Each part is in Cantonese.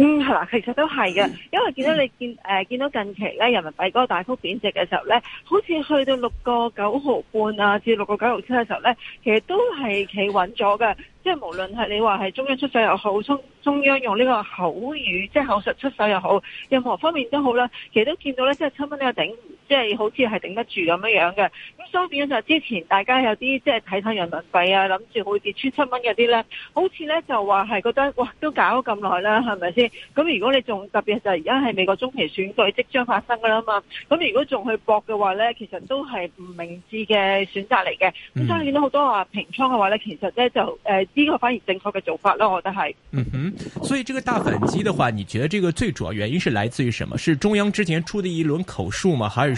嗯，係啦，其實都係嘅，因為見到你見誒、呃、見到近期咧人民幣嗰個大幅貶值嘅時候咧，好似去到六個九毫半啊，至六個九毫七嘅時候咧，其實都係企穩咗嘅，即、就、係、是、無論係你話係中央出手又好，中中央用呢個口語即係、就是、口述出手又好，任何方面都好啦，其實都見到咧，即係七蚊呢個頂。即係好似係頂得住咁樣樣嘅，咁所以變咗就之前大家有啲即係睇睇人民幣啊，諗住會跌穿七蚊嗰啲咧，好似咧就話係覺得哇都搞咗咁耐啦，係咪先？咁如果你仲特別就而家係美國中期選舉即將發生噶啦嘛，咁如果仲去搏嘅話咧，其實都係唔明智嘅選擇嚟嘅。咁所以見到好多話平倉嘅話咧，其實咧就誒呢、呃這個反而正確嘅做法咯，我覺得係。嗯哼，所以這個大反擊嘅話，你覺得這個最主要原因是來自於什麼？是中央之前出的一輪口述嘛，還是？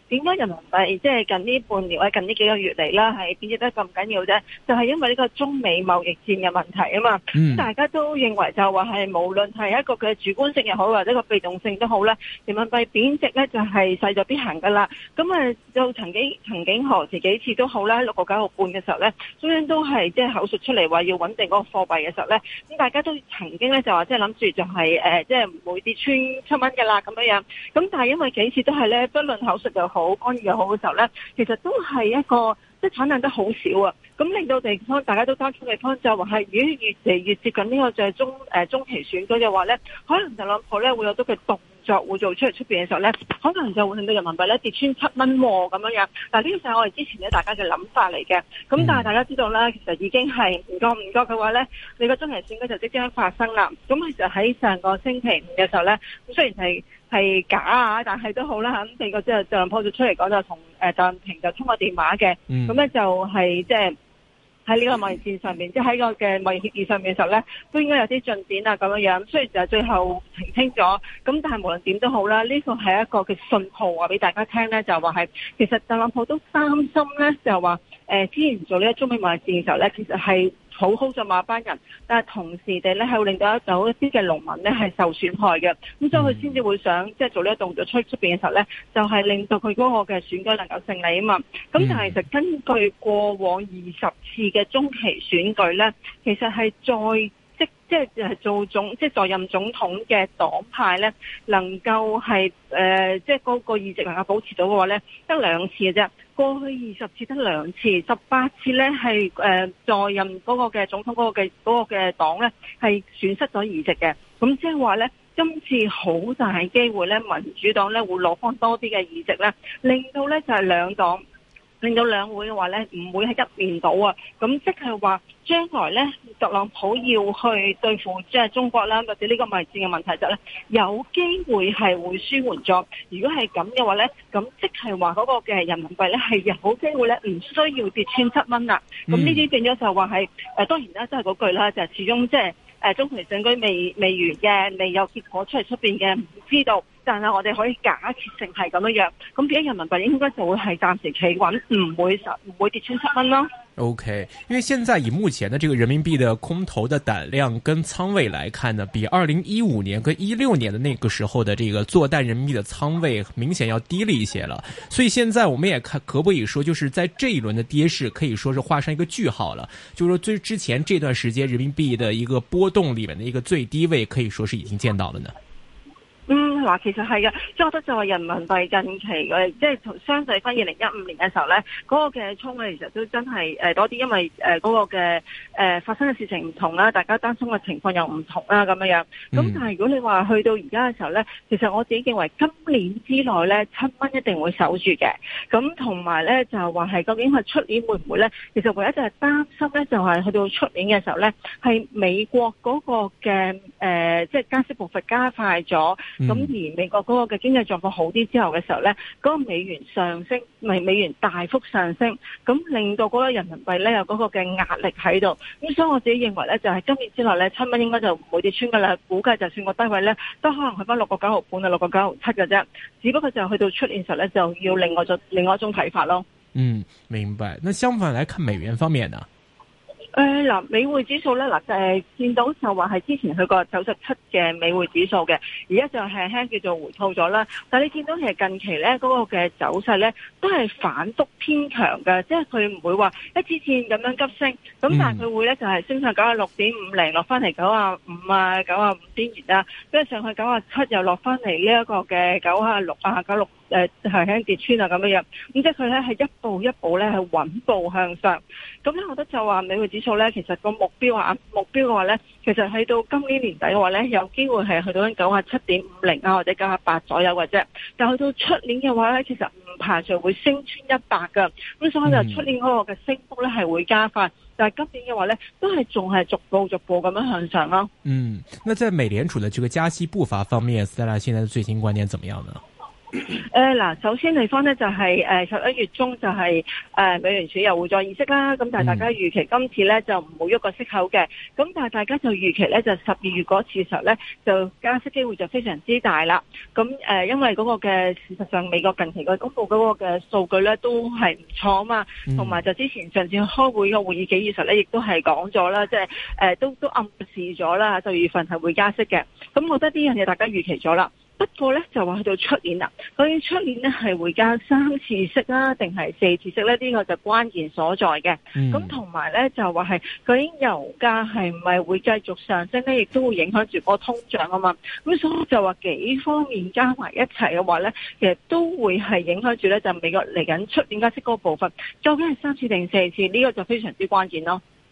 點解人民幣即係近呢半年或者近呢幾個月嚟啦，係貶值得咁緊要啫？就係因為呢個中美貿易戰嘅問題啊嘛。嗯、大家都認為就話係無論係一個嘅主觀性又好，或者個被動性都好咧，人民幣貶值咧就係勢在必行噶啦。咁誒，就曾經曾經何時幾次都好咧，六個九毫半嘅時候咧，中央都係即係口述出嚟話要穩定嗰個貨幣嘅時候咧，咁大家都曾經咧就話即係諗住就係誒，即係唔會跌穿七蚊嘅啦咁樣樣。咁但係因為幾次都係咧，不論口述又好，好安逸又好嘅時候咧，其實都係一個即係產量都好少啊，咁令到地方大家都擔心地方就話係，如果越嚟越接近呢個就係中誒中期選舉嘅話咧，可能特朗普咧會有咗個動。就會做出嚟出邊嘅時候咧，可能就會令到人民幣咧跌穿七蚊喎咁樣樣。嗱、嗯，呢個就係我哋之前咧大家嘅諗法嚟嘅。咁但係大家知道咧，其實已經係唔覺唔覺嘅話咧，你個終極線應該就即將發生啦。咁其實喺上個星期五嘅時候咧，雖然係係假啊，但係都好啦嚇。咁四個之後，特朗普就出嚟講就同誒習近平就通個電話嘅。咁咧就係即係。喺呢個貿易戰上面，即、就、喺、是、個嘅貿易協議上面嘅時候咧，都應該有啲進展啊咁樣樣。雖然就係最後澄清咗，咁但係無論點都好啦，呢、這個係一個嘅信號話，俾大家聽咧，就話、是、係其實特朗普都擔心咧，就話誒之前做呢一中美貿易戰嘅時候咧，其實係。好好咗，馬班人，但係同時地咧，係會令到一一啲嘅農民咧係受損害嘅，咁所以佢先至會想即係做呢個動作出出邊嘅時候咧，就係、係、令到佢嗰個嘅選舉能夠勝利啊嘛。咁但係其實根據過往二十次嘅中期選舉咧，其實係再即即係做總即係在任總統嘅黨派咧，能夠係、呃、即係嗰個議席能夠保持到嘅話咧，得兩次嘅啫。過去二十次得兩次，十八次，次呢係誒、呃、在任嗰個嘅總統嗰個嘅嗰個嘅黨呢係損失咗議席嘅，咁即係話呢，今次好大機會呢，民主黨呢會攞返多啲嘅議席咧，令到呢就係兩黨。令到兩會嘅話咧，唔會係一面倒啊！咁即係話將來咧，特朗普要去對付即係中國啦，或者呢個貿易戰嘅問題就咧、是，有機會係會舒緩咗。如果係咁嘅話咧，咁即係話嗰個嘅人民幣咧係有機會咧唔需要跌穿七蚊啦。咁呢啲變咗就話係、啊、當然啦，都係嗰句啦，就係、是、始終即係中期人民未未完嘅，未有結果出嚟出面嘅，唔知道。但係我哋可以假設成係咁樣樣，咁變人民幣應該就會係暫時企穩，唔會實唔會跌穿七蚊咯。OK，因為現在以目前的這個人民幣的空頭的膽量跟倉位來看呢，比二零一五年跟一六年的那個時候的這個做淡人民幣的倉位明顯要低了一些了。所以現在我們也可不可以說，就是在這一輪的跌勢可以說是畫上一個句號了。就是說最之前這段時間人民幣的一個波動裏面的一個最低位，可以說是已經見到了呢。話其實係嘅，即係我覺得就係人民幣近期嘅，即係從相對翻二零一五年嘅時候咧，嗰、嗰個嘅衝咧其實都真係誒多啲，因為誒嗰個嘅誒、呃、發生嘅事情唔同啦，大家擔心嘅情況又唔同啦，咁樣樣。咁、嗯、但係如果你話去到而家嘅時候咧，其實我自己認為今年之內咧七蚊一定會守住嘅。咁同埋咧就係話係究竟佢出年會唔會咧？其實唯一就係擔心咧就係、係、去到出年嘅時候咧，係美國嗰個嘅誒即係加息步伐加快咗，咁。嗯嗯而美國嗰個嘅經濟狀況好啲之後嘅時候咧，嗰個美元上升，唔係美元大幅上升，咁令到嗰個人民幣咧有嗰個嘅壓力喺度。咁所以我自己認為咧，就係今年之內咧，七蚊應該就冇跌穿噶啦，估計就算個低位咧，都可能去翻六個九毫半啊，六個九毫七嘅啫。只不過就去到出年時候咧，就要另外咗另外一種睇法咯。嗯，明白。那相反來看美元方面呢？誒嗱美匯指數咧，嗱，誒見到就話係之前去過九十七嘅美匯指數嘅，而家就輕輕叫做回吐咗啦。但係你見到其實近期咧嗰、那個嘅走勢咧，都係反覆偏強嘅，即係佢唔會話一次次咁樣急升，咁、嗯、但係佢會咧就係、是、升上九啊六點五零，落翻嚟九啊五啊九啊五點二啊，跟住上去九啊七又落翻嚟呢一個嘅九啊六啊九六。誒，向輕跌穿啊，咁樣樣咁即係佢咧係一步一步咧係穩步向上。咁咧，我覺得就話美元指數咧，其實個目標啊，目標嘅話咧，其實喺到今年年底嘅話咧，有機會係去到九啊七點五零啊，或者九啊八左右嘅啫。但去到出年嘅話咧，其實唔排除會升穿一百嘅。咁所以就出年嗰個嘅升幅咧係會加快。但係今年嘅話咧，都係仲係逐步逐步咁樣向上咯。嗯，那在美聯儲的這個加息步伐方面，s t 斯 a 現在的最新觀點怎麼樣呢？誒，嗱、 呃，首先地方咧就係誒十一月中就係、是、誒、呃、美聯儲又會再議息啦，咁但係大家預期今次咧就唔會喐個息口嘅，咁但係大家就預期咧就十二月嗰次實咧就加息機會就非常之大啦。咁、嗯、誒、呃，因為嗰個嘅事實上美國近期嘅公布嗰個嘅、那個、數據咧都係唔錯啊嘛，同埋 就之前上次開會個會議紀實咧亦都係講咗啦，即係誒都都暗示咗啦，十二月份係會加息嘅。咁我覺得呢樣嘢大家預期咗啦。不過咧就話去到出年啦，究竟出年咧係會加三次息啊，定係四次息咧？呢個就關鍵所在嘅。咁同埋咧就話係，究竟油價係咪會繼續上升咧？亦都會影響住嗰個通脹啊嘛。咁所以就話幾方面加埋一齊嘅話咧，其實都會係影響住咧，就美國嚟緊出年加息嗰個部分，究竟係三次定四次？呢個就非常之關鍵咯。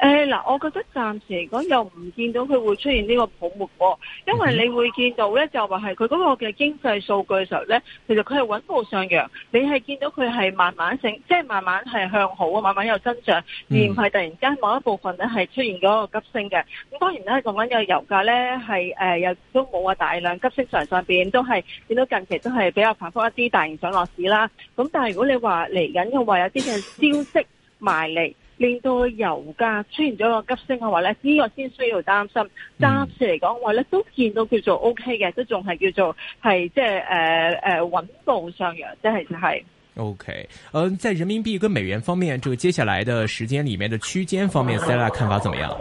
誒、嗱、哎，我覺得暫時嚟講又唔見到佢會出現呢個泡沫。哦，因為你會見到咧，就話係佢嗰個嘅經濟數據嘅時候咧，其實佢係穩步上揚，你係見到佢係慢慢升，即係慢慢係向好啊，慢慢有增長，而唔係突然間某一部分咧係出現咗個急升嘅。咁當然咧，講緊嘅油價咧係誒又都冇話大量急升場上上邊，都係見到近期都係比較反復一啲，大型上落市啦。咁但係如果你話嚟緊嘅話有啲嘅消息埋嚟。 令到油價出現咗個急升嘅話咧，呢、呢個先需要擔心。暫時嚟講話咧，都見到叫做 OK 嘅，都仲係叫做係即係誒誒穩步上揚，即係就係、就係。係 O.K.，嗯、uh,，在人民幣跟美元方面，這個接下來的時間裏面的區間方面，Sarah 看法怎麼樣？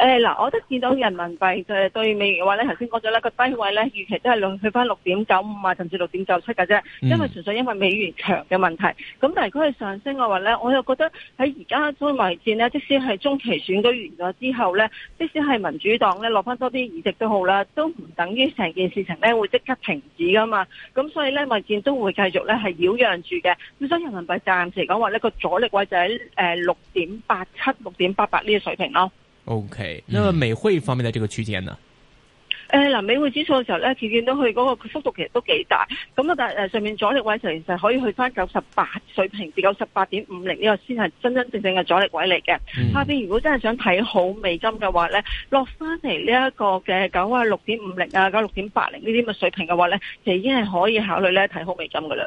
誒嗱、哎，我都見到人民幣誒對美元嘅話咧，頭先講咗呢個低位咧預期都係六去翻六點九五啊，甚至六點九七㗎啫，因為純粹因為美元強嘅問題。咁、嗯、但係如果係上升嘅話咧，我又覺得喺而家中美貿易戰，呢，即使係中期選舉完咗之後咧，即使係民主黨咧落翻多啲議席都好啦，都唔等於成件事情咧會即刻停止噶嘛。咁所以咧貿易戰都會繼續咧係要。是要一樣住嘅，咁所以人民幣暫時嚟講話呢個阻力位就喺誒六點八七、六點八八呢個水平咯。O K，咁啊美匯方面嘅呢個區間啊，誒嗱、呃，美匯指數嘅時候咧，見到佢嗰個幅度其實都幾大，咁啊但誒上面阻力位就其實可以去翻九十八水平，至九十八點五零呢個先係真真正正嘅阻力位嚟嘅。嗯、下邊如果真係想睇好美金嘅話呢，落翻嚟呢一個嘅九啊六點五零啊，九六點八零呢啲嘅水平嘅話呢，就已經係可以考慮呢睇好美金噶啦。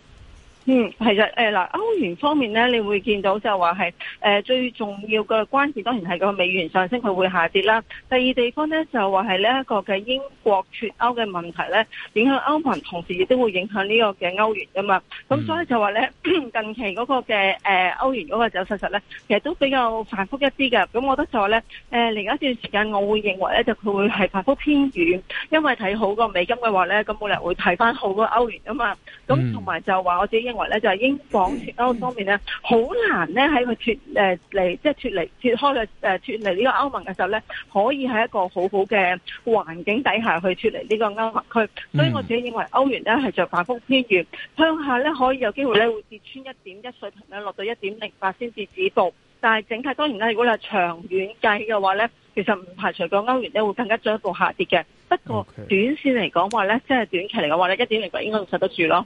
嗯，係實誒嗱，歐元方面咧，你會見到就話係誒最重要嘅關鍵，當然係個美元上升，佢會下跌啦。第二地方咧就話係呢一個嘅英國脫歐嘅問題咧，影響歐盟，同時亦都會影響呢個嘅歐元噶嘛。咁所以就話咧，嗯、近期嗰個嘅誒、呃、歐元嗰個走勢實咧，其實都比較反復一啲嘅。咁我覺得就話咧，誒嚟緊一段時間我會認為咧，就佢會係反復偏軟，因為睇好個美金嘅話咧，咁冇理由會睇翻好個歐元啊嘛。咁同埋就話我自己。因為咧就係英國脱歐方面咧，好難咧喺佢脱誒即係脫離脱開嘅誒脫離呢個歐盟嘅時候咧，可以喺一個好好嘅環境底下去脫離呢個歐盟區。所以我自己認為歐元咧係着反覆偏軟，向下咧可以有機會咧會跌穿一點一水平咧，落到一點零八先至止步。但係整體當然咧，如果你係長遠計嘅話咧，其實唔排除個歐元咧會更加進一步下跌嘅。不過短線嚟講話咧，即係短期嚟講話咧，一點零八應該仲守得住咯。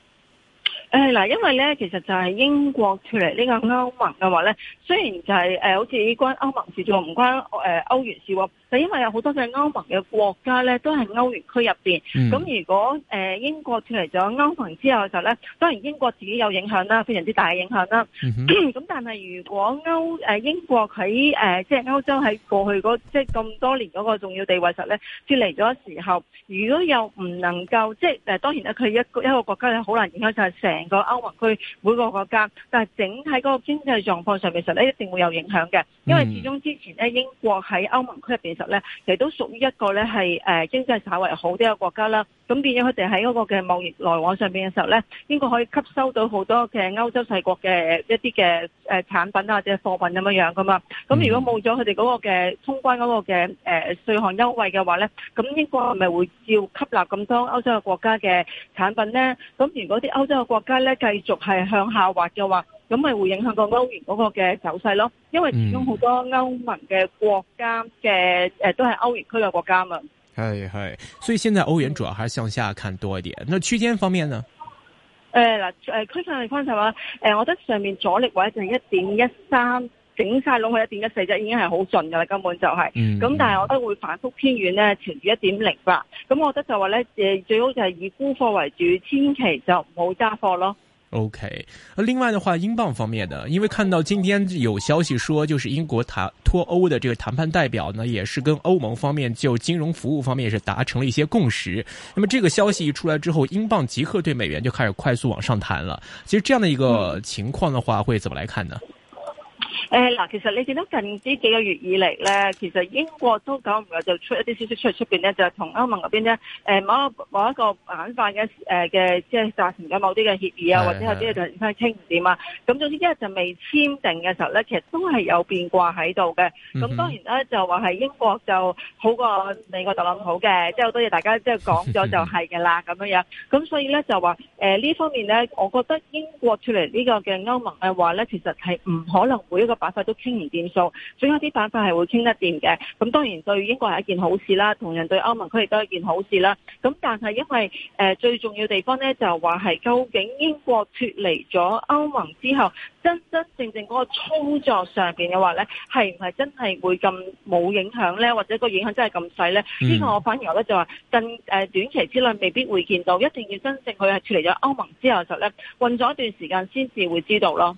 誒嗱，因為咧，其實就係英國脫離呢個歐盟嘅話咧，雖然就係、是、誒、呃，好似關歐盟事就唔關誒歐元事喎，就因為有好多隻歐盟嘅國家咧，都係歐元區入邊。咁、嗯、如果誒、呃、英國脫離咗歐盟之後嘅時候咧，當然英國自己有影響啦，非常之大嘅影響啦。咁、嗯、哼但係如果歐誒、呃、英國喺誒、呃、即係歐洲喺過去嗰即係咁多年嗰個重要地位時候咧，脫離咗時候，如果又唔能夠即係誒、呃，當然咧佢一個一個國家咧好難影響晒。就是成個歐盟區每個國家，但係整體嗰個經濟狀況上面，其實咧一定會有影響嘅，因為始終之前咧英國喺歐盟區入邊嘅時候咧，其實都屬於一個咧係誒經濟稍微好啲嘅國家啦。咁變咗佢哋喺嗰個嘅貿易來往上邊嘅時候咧，英國可以吸收到好多嘅歐洲細國嘅一啲嘅誒產品啊，或者貨品咁樣樣噶嘛。咁如果冇咗佢哋嗰個嘅通關嗰個嘅誒、呃、稅項優惠嘅話咧，咁英國係咪會要吸納咁多歐洲嘅國家嘅產品咧？咁如果啲歐洲個國家咧繼續係向下滑嘅話，咁咪會影響個歐元嗰個嘅走勢咯。因為其中好多歐盟嘅國家嘅誒、嗯、都係歐元區嘅國家嘛。係係，所以現在歐元主要還係向下看多一點。那區間方面呢？誒嗱、呃，誒區間嚟講就話，誒、呃，我覺得上面阻力位就係一點一三。整晒攏去一點一四啫，已經係好盡噶啦，根本就係、是。咁但係我覺得會反覆偏軟呢，纏住一點零八。咁我覺得就話呢，誒最好就係以沽貨為主，千祈就唔好揸貨咯。OK，另外的話，英鎊方面呢，因為看到今天有消息說，就是英國談脫歐的這個談判代表呢，也是跟歐盟方面就金融服務方面也是達成了一些共識。那麼這個消息一出來之後，英鎊即刻對美元就開始快速往上彈了。其實這樣的一個情況的話，會怎麼來看呢？誒嗱、呃，其實你見到近呢幾個月以嚟咧，其實英國都搞唔耐就出一啲消息出出邊咧，就同歐盟嗰邊咧，誒某一個某一個晚飯嘅誒嘅即係達成咗某啲嘅協議啊，是的 或者有啲嘢就而家傾唔掂啊，咁總之一日就未簽訂嘅時候咧，其實都係有變卦喺度嘅。咁、嗯、哼 當然咧就話係英國就好過美國特朗普嘅，即係好多嘢大家即係講咗就係嘅啦，咁樣 樣。咁所以咧就話誒呢方面咧，我覺得英國出嚟、這個、呢個嘅歐盟嘅話咧，其實係唔可能會。呢個板塊都傾唔掂數，總有啲板塊係會傾得掂嘅。咁當然對英國係一件好事啦，同人對歐盟區亦都係一件好事啦。咁但係因為誒最重要地方咧，就話係究竟英國脫離咗歐盟之後，真真正正嗰個操作上面嘅話咧，係唔係真係會咁冇影響咧？或者個影響真係咁細咧？呢、嗯、個我反而覺得就話近短期之內未必會見到，一定要真正佢係脫離咗歐盟之後就咧混咗一段時間先至會知道咯。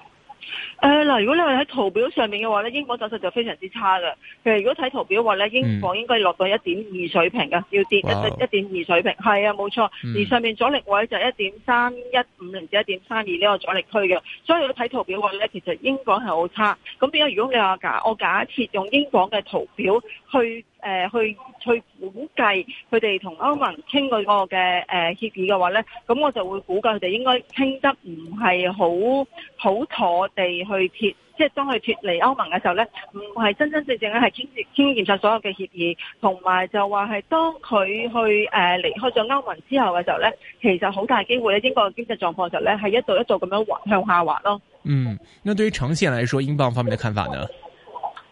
誒，嗱、呃，如果你話喺圖表上面嘅話咧，英鎊走勢就非常之差嘅。譬如如果睇圖表的話咧，英鎊應該落到一點二水平嘅，嗯、要跌一一點二水平。係啊，冇錯。嗯、而上面阻力位就係一點三一五，甚至一點三二呢個阻力區嘅。所以如果睇圖表的話咧，其實英鎊係好差。咁點解？如果你話假，我假設用英鎊嘅圖表去。誒、呃，去去估計佢哋同歐盟傾嗰個嘅誒協議嘅話咧，咁我就會估計佢哋應該傾得唔係好好妥地去脫，即係當佢脫離歐盟嘅時候咧，唔係真真正正咧係傾完晒所有嘅協議，同埋就話係當佢去誒、呃、離開咗歐盟之後嘅時候咧，其實好大機會咧，英國嘅經濟狀況嘅時候咧係一度一度咁樣滑向下滑咯。嗯，那對於長線來說，英鎊方面嘅看法呢？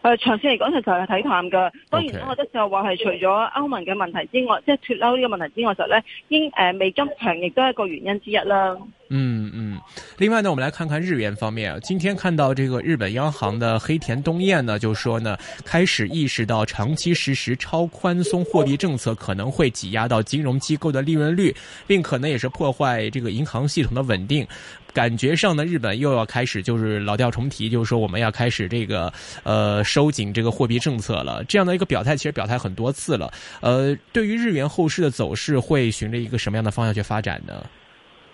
呃長期嚟講，其實係睇淡噶。當然啦，我覺得就話係除咗歐盟嘅問題之外，即係、嗯、脫歐呢個問題之外，就呢英誒美金強亦都係一個原因之一啦。嗯嗯，另外呢，我們來看看日元方面。今天看到這個日本央行的黑田東彥呢，就說呢開始意識到長期實施超寬鬆貨幣政策可能會擠壓到金融機構的利潤率，並可能也是破壞這個銀行系統的穩定。感覺上呢，日本又要開始就是老調重提，就是說我們要開始這個呃收緊這個貨幣政策了。這樣的一個表態，其實表態很多次了。呃，對於日元後市的走勢，會循着一個什麼樣的方向去發展呢？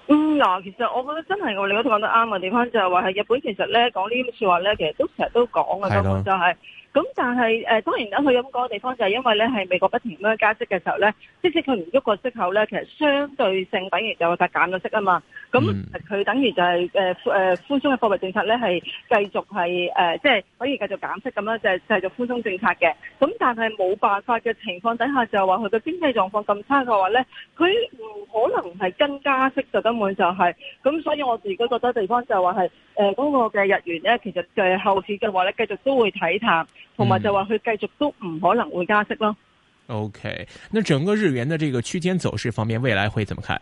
嗯，啊其實我覺得真係我哋嗰度講得啱嘅地方就係話係日本，其實咧講呢啲說話咧，其實都成日都講嘅，根本的就係、是。咁但係誒當然啦，佢咁嗰個地方就係因為咧係美國不停咁樣加息嘅時候咧，即使佢唔喐個息口咧，其實相對性等於就係減咗息啊嘛。咁佢等於就係誒誒寬鬆嘅貨幣政策咧，係繼續係誒即係可以繼續減息咁樣，就係繼續寬鬆政策嘅。咁但係冇辦法嘅情況底下，就係話佢個經濟狀況咁差嘅話咧，佢唔可能係跟加息，就根本就係。咁所以我自己覺得地方就係話係誒嗰個嘅日元咧，其實誒後市嘅話咧，繼續都會睇淡。同埋，嗯、就話佢繼續都唔可能會加息咯。O、okay, K，那整個日元嘅這個區間走勢方面，未來會怎麼看？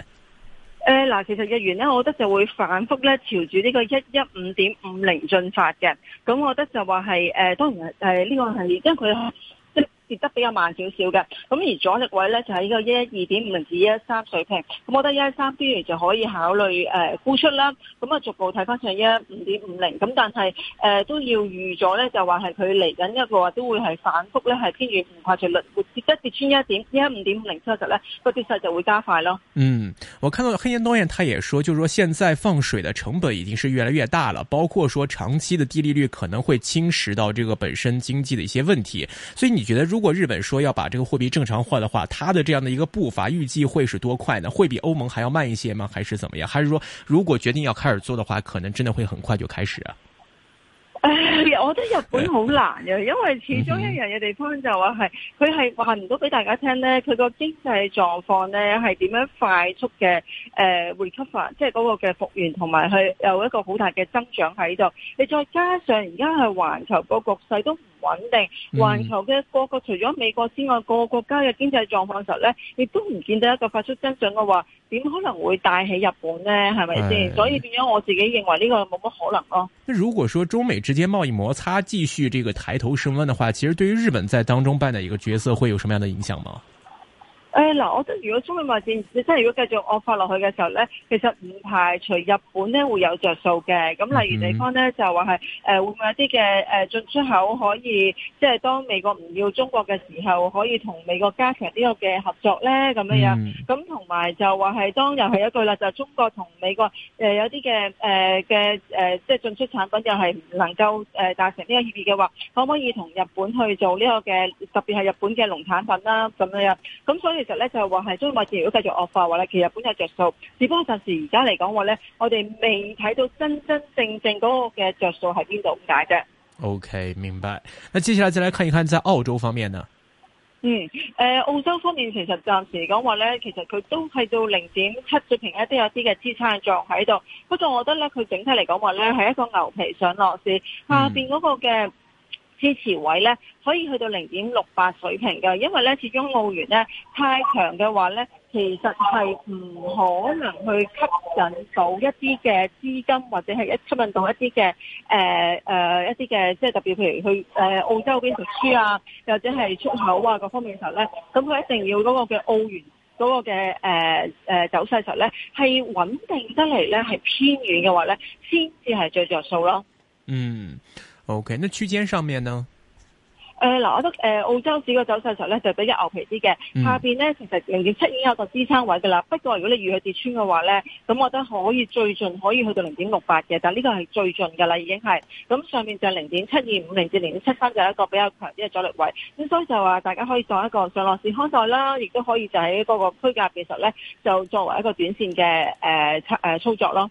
誒，嗱，其實日元咧，我覺得就會反覆咧，朝住呢個一一五點五零進發嘅。咁我覺得就話係誒，當然係呢個係，因為佢。跌得比較慢少少嘅，咁而阻力位咧就喺呢個一一二點五零至一一三水平，咁我覺得一一三邊緣就可以考慮誒沽出啦。咁啊逐步睇翻上一一五點五零，咁但係誒都要預咗咧，就話係佢嚟緊一個話都會係反覆咧，係偏於唔跨越率，跌得跌穿一點一一五點五零之後就咧個跌勢就會加快咯。嗯，我看到黑田東彥他也說，就係話現在放水的成本已經是越來越大了，包括說長期的低利率可能會侵蝕到這個本身經濟的一些問題，所以你覺得？如果日本說要把這個貨幣正常化的話，它的這樣的一個步伐預計會是多快呢？會比歐盟還要慢一些嗎？還是怎麼樣？還是說，如果決定要開始做的話，可能真的會很快就開始啊？哎，我覺得日本好難嘅、啊，因為始終一樣嘅地方就話、是、係，佢係話唔到俾大家聽呢。佢個經濟狀況呢係點樣快速嘅誒恢復翻，即係嗰個嘅復原，同埋佢有一個好大嘅增長喺度。你再加上而家係環球個局勢都，穩定，環球嘅各個除咗美國之外，各個國家嘅經濟狀況時候咧，亦都唔見得一個發出增長嘅話，點可能會帶起日本呢？係咪先？所以變咗我自己認為呢個冇乜可能咯。那如果說中美之間貿易摩擦繼續這個抬頭升溫的話，其實對於日本在當中扮演一個角色，會有什麼樣的影響嗎？誒嗱、哎，我覺得如果中美貿戰，即真係如果繼續惡化落去嘅時候咧，其實唔排除日本咧會有着數嘅。咁例如地方咧、嗯、就話係誒會唔會有啲嘅誒進出口可以，即、就、係、是、當美國唔要中國嘅時候，可以同美國加強呢個嘅合作咧咁樣樣。咁同埋就話係當又係一句啦，就係、是、中國同美國誒有啲嘅誒嘅誒，即、呃、係、呃、進出產品又係唔能夠誒達成呢個協議嘅話，可唔可以同日本去做呢個嘅特別係日本嘅農產品啦咁樣樣。咁所以。其實咧就係話係，中美如果繼續惡化話咧，其實日本有着數，只不過暫時而家嚟講話咧，我哋未睇到真真正正嗰個嘅着數喺邊度咁解啫。OK，明白。那接下來再來看一，看在澳洲方面呢？嗯，誒，澳洲方面其實暫時嚟講話咧，其實佢都係到零點七水平，一啲有啲嘅支撐作用喺度。不過我覺得咧，佢整體嚟講話咧，係一個牛皮上落市，下邊嗰個嘅支持位咧可以去到零點六八水平噶，因為咧始終澳元咧太強嘅話咧，其實係唔可能去吸引到一啲嘅資金或者係一吸引到一啲嘅誒誒一啲嘅即係特別譬如去誒澳洲嗰邊投資啊，又或者係出口啊各方面嘅時候咧，咁佢一定要嗰個嘅澳元嗰個嘅誒誒走勢嘅時候咧係穩定得嚟咧係偏軟嘅話咧，先至係最着數咯。嗯。O、okay, K，那區間上面呢？誒，嗱，我覺得誒、呃，澳洲市嘅走勢上咧就比較牛皮啲嘅，下邊咧其實零點七已經有個支撐位嘅啦。嗯、不過如果你預去跌穿嘅話咧，咁我覺得可以最盡可以去到零點六八嘅，但係呢個係最盡噶啦，已經係。咁上面就係零點七二五、零至零點七三就係一個比較強啲嘅阻力位。咁所以就話大家可以做一個上落市看待啦，亦都可以就喺嗰個區間技術咧就作為一個短線嘅誒誒操作咯。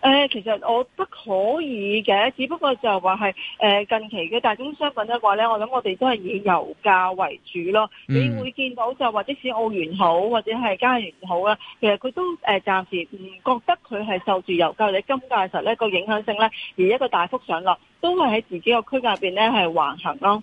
誒、呃，其實我覺得可以嘅，只不過就話係誒近期嘅大宗商品一話咧，我諗我哋都係以油價為主咯。嗯、你會見到就話即使澳元好或者係加元好啦，其實佢都誒、呃、暫時唔覺得佢係受住油價或者金價實咧個影響性咧而一個大幅上落，都係喺自己個區間入邊咧係橫行咯。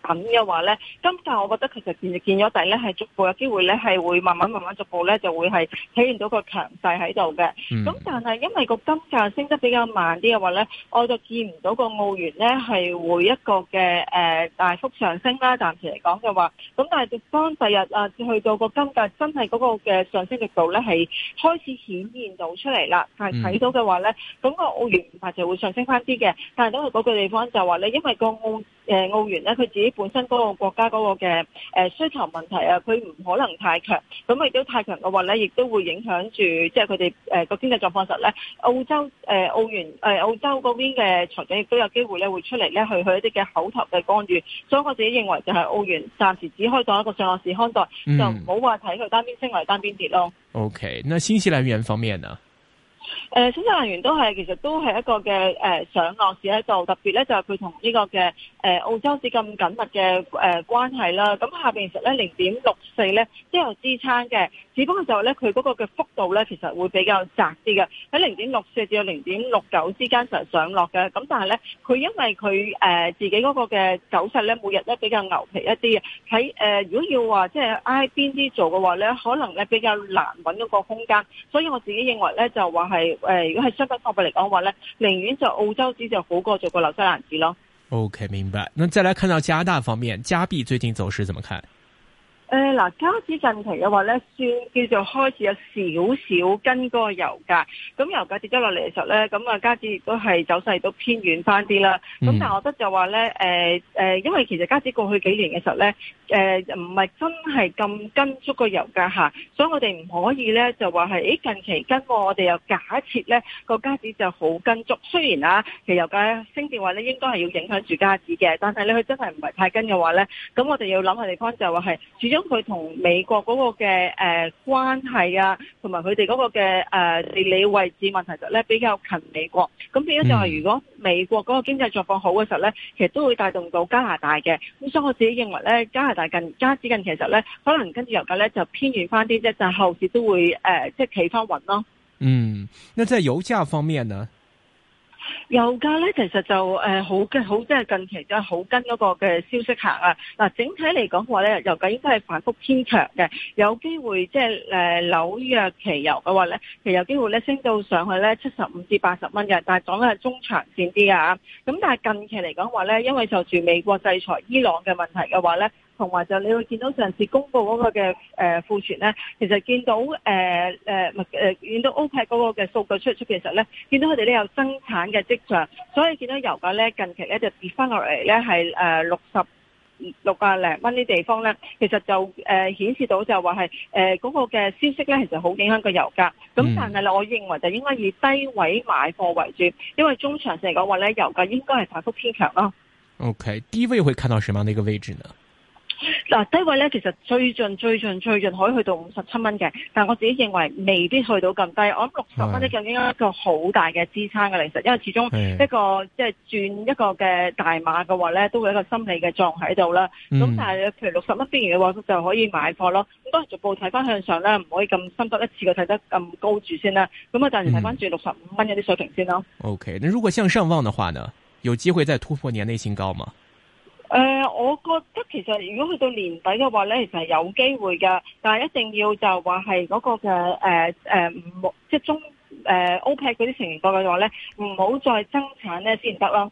等嘅話咧，金價我覺得其實見咗底咧，係逐步有機會咧，係會慢慢慢慢逐步咧就會係體現到個強勢喺度嘅。咁、嗯、但係因為個金價升得比較慢啲嘅話咧，我就見唔到個澳元咧係會一個嘅誒、呃、大幅上升啦。暫時嚟講嘅話，咁但係當第日啊去到個金價真係嗰個嘅上升力度咧係開始顯現出到出嚟啦。但係睇到嘅話咧，咁、嗯、個澳元唔排除會上升翻啲嘅，但係都係嗰個地方就話咧，因為個澳誒，澳元咧，佢自己本身嗰個國家嗰個嘅誒需求問題啊，佢唔可能太強，咁亦都太強嘅話咧，亦都會影響住即係佢哋誒個經濟狀況實咧。澳洲誒澳元誒澳洲嗰邊嘅財政亦都有機會咧會出嚟咧去去一啲嘅口頭嘅干預，所以我自己認為就係澳元暫時只可以作一個上落市看待，嗯、就唔好話睇佢單邊升或單邊跌咯。O、okay, K，那新西蘭元方面呢？誒，新西蘭元都係其實都係一個嘅誒、呃、上落市喺度，特別咧就係佢同呢個嘅誒、呃、澳洲市咁緊密嘅誒、呃、關係啦。咁下邊其實咧零點六四咧都有支撐嘅。只不過就係咧，佢嗰個嘅幅度咧，其實會比較窄啲嘅，喺零點六四至到零點六九之間成日上落嘅。咁但係咧，佢因為佢誒自己嗰個嘅走勢咧，每日咧比較牛皮一啲嘅。喺誒，如果要話即係挨邊啲做嘅話咧，可能咧比較難揾到個空間。所以我自己認為咧，就話係誒，如果係商品貨幣嚟講話咧，寧願就澳洲紙就好過做個紐西蘭紙咯。OK，明白。咁再嚟看到加拿大方面，加幣最近走勢怎麼看？誒嗱、哎，加紙近期嘅話咧，算叫做開始有少少跟嗰個油價，咁油價跌咗落嚟嘅時候咧，咁啊加紙亦都係走勢都偏軟返啲啦。咁、嗯、但係我覺得就話咧，誒、呃呃、因為其實加紙過去幾年嘅時候咧，唔、呃、係真係咁跟足個油價下，所以我哋唔可以咧就話係、哎、近期跟過我哋又假設咧個加紙就好跟足。雖然啊，其實油價升跌話咧應該係要影響住加紙嘅，但係呢，佢真係唔係太跟嘅話咧，咁我哋要諗嘅地方就係話係始終佢同美國嗰個嘅誒、呃、關係啊，同埋佢哋嗰個嘅誒地理位置問題，就咧比較近美國。咁變咗就係，如果美國嗰個經濟狀況好嘅時候咧，其實都會帶動到加拿大嘅。咁所以我自己認為咧，加拿大近加接近其實咧，可能跟住油價咧就偏軟翻啲啫，但係後市都會誒、呃、即係企翻穩咯。嗯，那在油價方面呢？油價咧，其實就誒好嘅，好即係近期都係好跟嗰個嘅消息行啊！嗱，整體嚟講話咧，油價應該係反覆偏強嘅，有機會即係誒紐約期油嘅話咧，其實有機會咧升到上去咧七十五至八十蚊嘅，但係講緊係中長線啲啊！咁但係近期嚟講話咧，因為就住美國制裁伊朗嘅問題嘅話咧。同埋就你會見到上次公布嗰個嘅庫存呢，其實見到誒誒唔見到 OPEC 嗰個嘅數據出出其實呢，見到佢哋都有增產嘅跡象，所以見到油價咧近期呢就跌翻落嚟呢係誒六十六百零蚊啲地方呢，其實就誒、呃、顯示到就話係嗰個嘅消息呢，其實好影響個油價。咁但係咧，我認為就應該以低位買貨為主，因為中長線嚟講話呢，油價應該係反覆偏強囉。OK，低位會看到什麼樣一個位置呢？嗱，低位咧，其實最盡、最盡、最盡可以去到五十七蚊嘅，但係我自己認為未必去到咁低。我諗六十蚊咧，應該一個好大嘅支撐嘅，其實因為始終一個即係的轉一個嘅大碼嘅話咧，都會有一個心理嘅狀喺度啦。咁、嗯、但係譬如六十蚊邊緣嘅話，就可以買貨咯。咁當係逐步睇翻向上咧，唔可以咁深個得一次嘅睇得咁高住先啦。咁啊，暫時睇翻住六十五蚊一啲水平先咯。嗯、o、okay, K，那如果向上望嘅話呢，有機會再突破年內新高嗎？誒、呃，我覺得其實如果去到年底嘅話咧，其實係有機會嘅，但係一定要就話係嗰、呃呃呃、嗰話係嗰個嘅誒誒唔即係中誒 OPEC 嗰啲成員國嘅話咧，唔好再增產咧先得咯。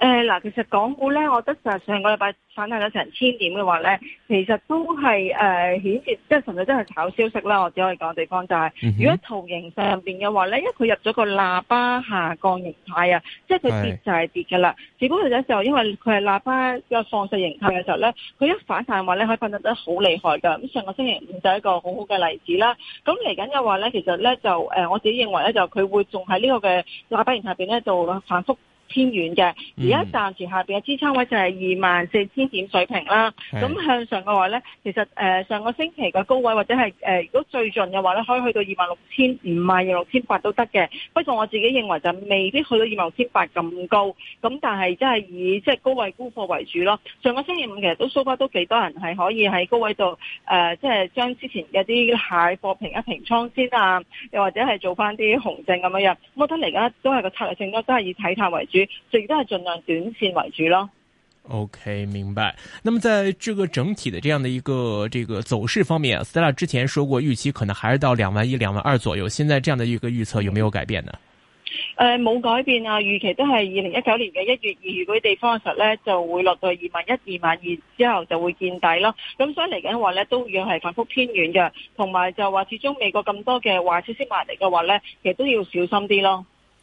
誒嗱、呃，其實港股咧，我覺得就上個禮拜反彈咗成千點嘅話咧，其實都係誒顯示，即係純粹都係炒消息啦。我只可以講地方就係、是，嗯、哼如果圖形上入嘅話咧，因為佢入咗個喇叭下降形態啊，即係佢跌就係跌嘅啦。是只不過有時候因為佢係喇叭一個放勢形態嘅時候咧，佢一反彈的話咧可以反彈得好厲害㗎。咁上個星期五就係一個很好好嘅例子啦。咁嚟緊嘅話咧，其實咧就誒、呃，我自己認為咧就佢會仲喺呢個嘅喇叭形態入邊咧，就反覆。偏遠嘅，而家、嗯、暫時下邊嘅支撐位就係二萬四千點水平啦。咁向上嘅話咧，其實誒、呃、上個星期嘅高位或者係誒、呃，如果最近嘅話咧，可以去到二萬六千五萬六千八都得嘅。不過我自己認為就未必去到二萬六千八咁高。咁但係即係以即係、就是、高位沽貨為主咯。上個星期五其實都收翻都幾多人係可以喺高位度誒，即、呃、係、就是、將之前嘅啲蟹貨平一平倉先啊，又或者係做翻啲紅證咁樣樣。咁我覺得而家都係個策略性都真係以睇淡為主。亦都係盡量短線為主咯。OK，明白。那麼在這個整體的這樣的一個這個走勢方面，Stella 之前說過預期可能還是到兩萬一、兩萬二左右，現在這樣的一個預測有沒有改變呢？誒、呃，冇改變啊，預期都係二零一九年嘅一月二月嗰啲地方實咧就會落到二萬一、二萬二，之後就會見底咯。咁所以嚟緊話咧都要係反覆偏軟，嘅同埋就話始終美國咁多嘅壞消息埋嚟嘅話咧，其實都要小心啲咯。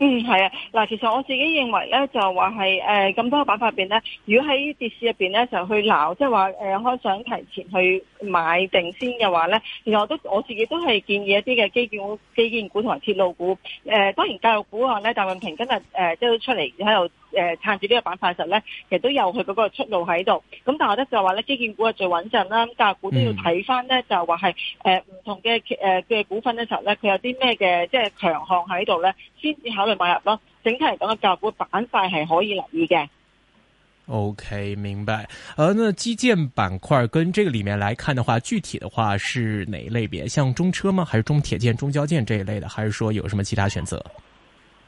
嗯，係啊，嗱，其實我自己認為咧，就話係誒咁多個板塊入邊咧，如果喺跌市入邊咧就去鬧，即係話誒，呃、開想提前去買定先嘅話咧，其實我都我自己都係建議一啲嘅基建股、基建股同埋鐵路股，誒、呃，當然教育股話咧，習近平今日誒都出嚟喺度。誒，撐住呢個板塊嘅時候咧，其實都有佢嗰個出路喺度。咁但係我咧就話咧，基建股係最穩陣啦。咁教育股都要睇翻，咧，嗯、就話係誒唔同嘅誒嘅股份咧，嘅時候咧佢有啲咩嘅即係強項喺度咧，先至考慮買入咯。整體嚟講嘅教育股板塊係可以留意嘅。O、okay, K，明白。而、呃、呢基建板塊跟這個裏面來看的話，具體的話是哪一類別？像中車嗎？還是中鐵建、中交建這一類的？還是說有什麼其他選擇？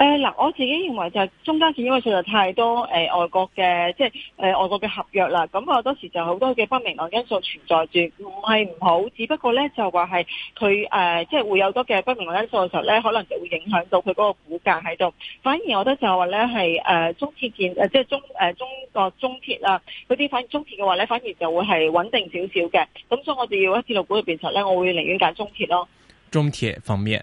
誒，嗱、嗯，我自己認為就係中間線，因為實在太多誒外國嘅，即係誒外國嘅合約啦。咁我當時就好多嘅不明朗因素存在住，唔係唔好，只不過咧就話係佢誒，即、呃、係、就是、會有多嘅不明朗因素嘅時候咧，可能就會影響到佢嗰個股價喺度。反而，我覺得就話咧係誒中鐵建誒，即、呃、係、就是、中誒、呃、中國、呃、中鐵啊，嗰啲反而中鐵嘅話咧，反而就會係穩定少少嘅。咁所以，我哋要喺鐵路股入邊時候咧，我會寧願揀中鐵咯。中鐵方面。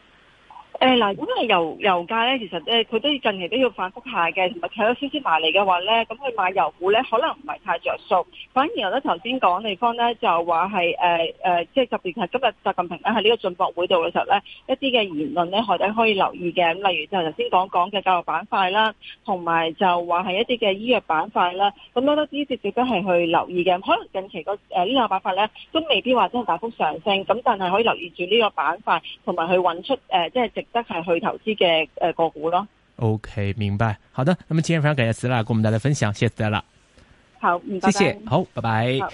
誒嗱，因為、欸、油油價咧，其實佢都近期都要反覆下嘅，同埋企咗升升埋嚟嘅話咧，咁佢買油股咧，可能唔係太着數。反而得頭先講地方咧就話係即係特別係今日習近平咧喺呢個進博會度嘅時候咧，一啲嘅言論咧，或者可以留意嘅。咁例如就頭先講講嘅教育板塊啦，同埋就話係一啲嘅醫藥板塊啦。咁多都啲直接都係去留意嘅。可能近期、呃這個，誒呢兩板塊咧都未必話真係大幅上升，咁但係可以留意住呢個板塊同埋去揾出即直。呃就是得係去投資嘅誒個股咯。O、okay, K，明白。好的，那麼今日非常感謝 Sir 啦，跟我們大家分享，謝 Sir 啦。好，唔該。謝謝。好，拜拜。拜拜